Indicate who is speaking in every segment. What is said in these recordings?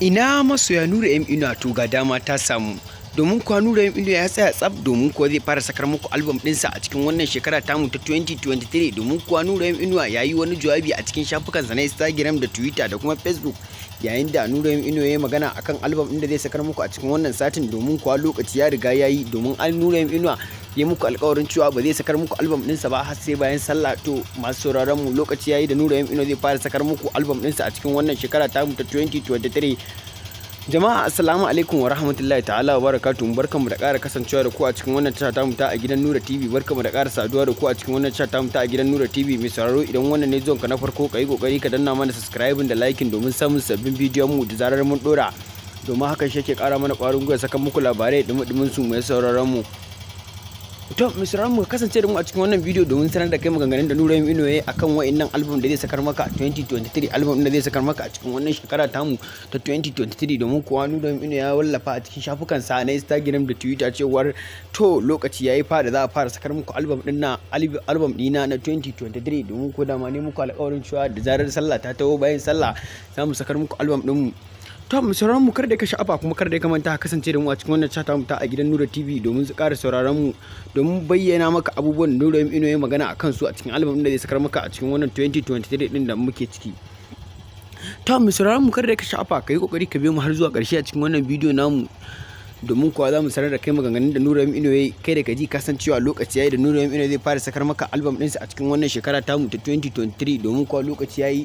Speaker 1: ina masoya nura m ina to ga dama ta samu domin kuwa nurayin indo ya tsaya tsab domin kuwa zai fara sakar muku album dinsa a cikin wannan shekara tamu ta 2023 domin kuwa nurayin inuwa ya yi wani jawabi a cikin shafukan na instagram da twitter da kuma facebook yayin da nurayin inuwa ya yi magana akan album ɗin da zai sakar muku a cikin wannan satin domin kuwa lokaci ya riga ya yi domin an nurayin inuwa ya muku alkawarin cewa ba zai sakar muku album dinsa ba har sai bayan sallah to masu sauraron mu lokaci ya yi da nurayin inuwa zai fara sakar muku album dinsa a cikin wannan shekara tamu ta 2023 Jama'a assalamu alaikum wa rahmatullahi ta'ala wa barakatuh barkamu da ƙara kasancewa da ku a cikin wannan tasha tamu ta a gidan Nura TV barkamu da ƙara saduwa da ku a cikin wannan tasha tamu ta a gidan Nura TV mai sauraro idan wannan ne zuwanka na farko kai kokari ka danna mana subscribe da liking domin samun sabbin bidiyon mu da zarar mun dora domin hakan shi yake ƙara mana ƙwarin gwiwa sakan muku labarai da dumin su mai sauraron mu. to misiran mu kasance da mu a cikin wannan bidiyo domin sanar da kai maganganun da nura ino ya akan wa'annan album da zai sakar maka a 2023 album da zai sakar maka a cikin wannan shekara tamu ta 2023 domin kuwa nura ino ya wallafa a cikin shafukan sa na Instagram da Twitter cewar to lokaci yayi fa da za a fara sakar muku album din na album dina na 2023 domin ko da ne muku alƙawarin cewa da zarar sallah ta taho bayan sallah za mu sakar muku album din mu To mu sauraron mu kar da ka sha'afa kuma kar da ka manta kasance da mu a cikin wannan chat mu ta a gidan Nura TV domin su ƙara sauraron mu domin bayyana maka abubuwan Nura Ino ya magana a kansu a cikin album da zai sakar maka a cikin wannan 2023 din da muke ciki. To mu sauraron mu kar da ka sha'afa ka yi kokari ka biyo mu har zuwa ƙarshe a cikin wannan bidiyo namu domin kuwa za mu sanar da kai maganganun da Nura Ino ya kai da kaji kasancewa lokaci yayi da Nura Ino zai fara sakar maka album ɗinsa a cikin wannan shekara tamu ta 2023 domin kuwa lokaci yayi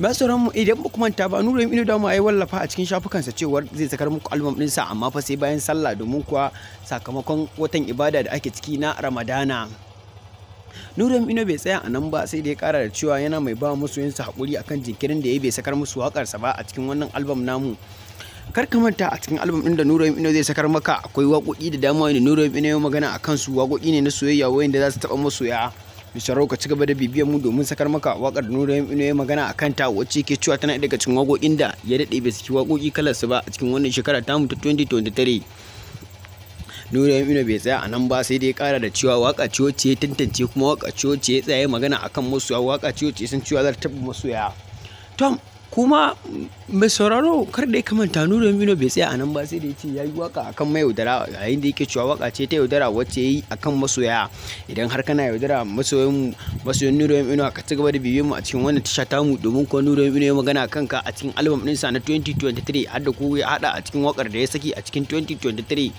Speaker 1: masoran mu idan ba manta ba nura ino da mu ayi wallafa a cikin shafukansa cewar zai sakar muku album sa amma fa sai bayan sallah domin kuwa sakamakon watan ibada da ake ciki na ramadana nurin ino bai tsaya a nan ba sai da ya kara da cewa yana mai ba masoyinsa haƙuri akan jinkirin da ya bai sakar musu waƙarsa ba a cikin wannan albam namu kar ka manta a cikin albam din da Nura Ino zai sakar maka akwai waƙoƙi da dama da Nura Ino magana akan su wakoki ne na soyayya wayanda za su taɓa masoya Mr. ka ci gaba da bibiyar mu domin sakar maka wakar nuna ino ya magana a kanta wacce ke cewa tana daga cikin wago da ya dade bai saki wakoki kalar su ba a cikin wannan shekara tamu ta 2023. Nuna yin bai tsaya a nan ba sai dai kara da cewa waka ce wacce ya tantance kuma waka ce ya tsaya magana akan masoya waka ce wacce sun cewa zar taɓa masoya. Tom kuma mai sauraro kar da ya kamanta nuro mino bai tsaya a nan ba sai da ya ce ya yi waka akan mai yaudara yayin da yake cewa waka ce ta yaudara wacce ya yi akan masoya idan har kana yaudara masoyan masoyan mino ka ci gaba da bibiyon mu a cikin wannan tasha tamu domin kuma nuro mino ya magana kanka a cikin album sa na 2023 har da ku ya hada a cikin wakar da ya saki a cikin 2023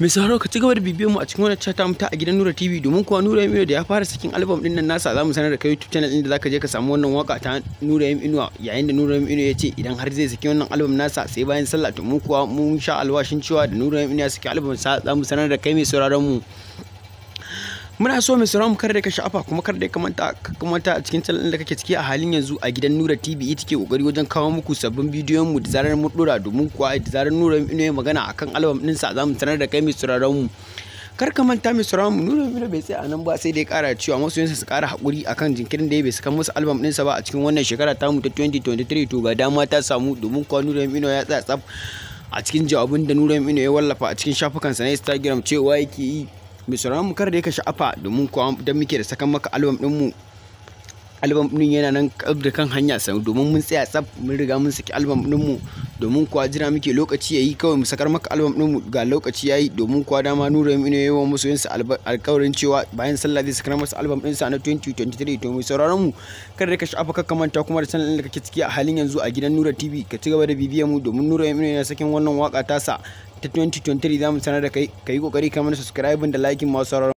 Speaker 1: mai sauraro ka ci gaba da bibiyar mu a cikin wani chata mu ta a gidan Nura TV domin kuwa Nura Yemi da ya fara sakin albam din nan nasa zamu sanar da kai YouTube channel inda zaka je ka samu wannan waka ta Nura Yemi Inuwa yayin da Nura Yemi ya ce idan har zai saki wannan album nasa sai bayan sallah to mu kuwa mun sha alwashin cewa da Nura Yemi ya saki album sa zamu sanar da kai mai sauraron mu muna so mu sura mu kar da ka sha'afa kuma kar da ka manta kamanta a cikin channel da kake ciki a halin yanzu a gidan Nura TV take kokari wajen kawo muku sabbin bidiyon mu da zarar mun dora domin kuwa da zarar Nura ne ya magana akan album din sa zamu sanar da kai mu sura mu kar ka manta mu sura mu Nura Nura bai tsaya nan ba sai dai kara cewa masoyansa su kara hakuri akan jinkirin da ya bai saka musu album din sa ba a cikin wannan shekara tamu ta 2023 to ga dama ta samu domin kuwa Nura Mino ya tsaya tsaf a cikin jawabin da Nura Mino ya wallafa a cikin shafukansa na Instagram cewa yake yi mai sauraron mu kar da ka sha'afa domin kuwa don muke da sakan maka album din mu album din yana nan da kan hanya sa domin mun tsaya tsaf mun riga mun saki album din mu domin kuwa jira muke lokaci ya yi kawai mu sakar maka albam ɗinmu ga lokaci ya yi domin kuwa dama nura mu ne yawan musu yinsa alkawarin cewa bayan sallah zai sakar masa albam ɗinsa na 2023 to mu sauraron mu da ka shafa ka kamanta kuma da sanin da kake ciki a halin yanzu a gidan Nura TV ka ci gaba da bibiyar mu domin Nura mu ne na sakin wannan waka tasa ta 2023 za mu sanar da kai ka yi kokari ka mana subscribe da like masu sauraron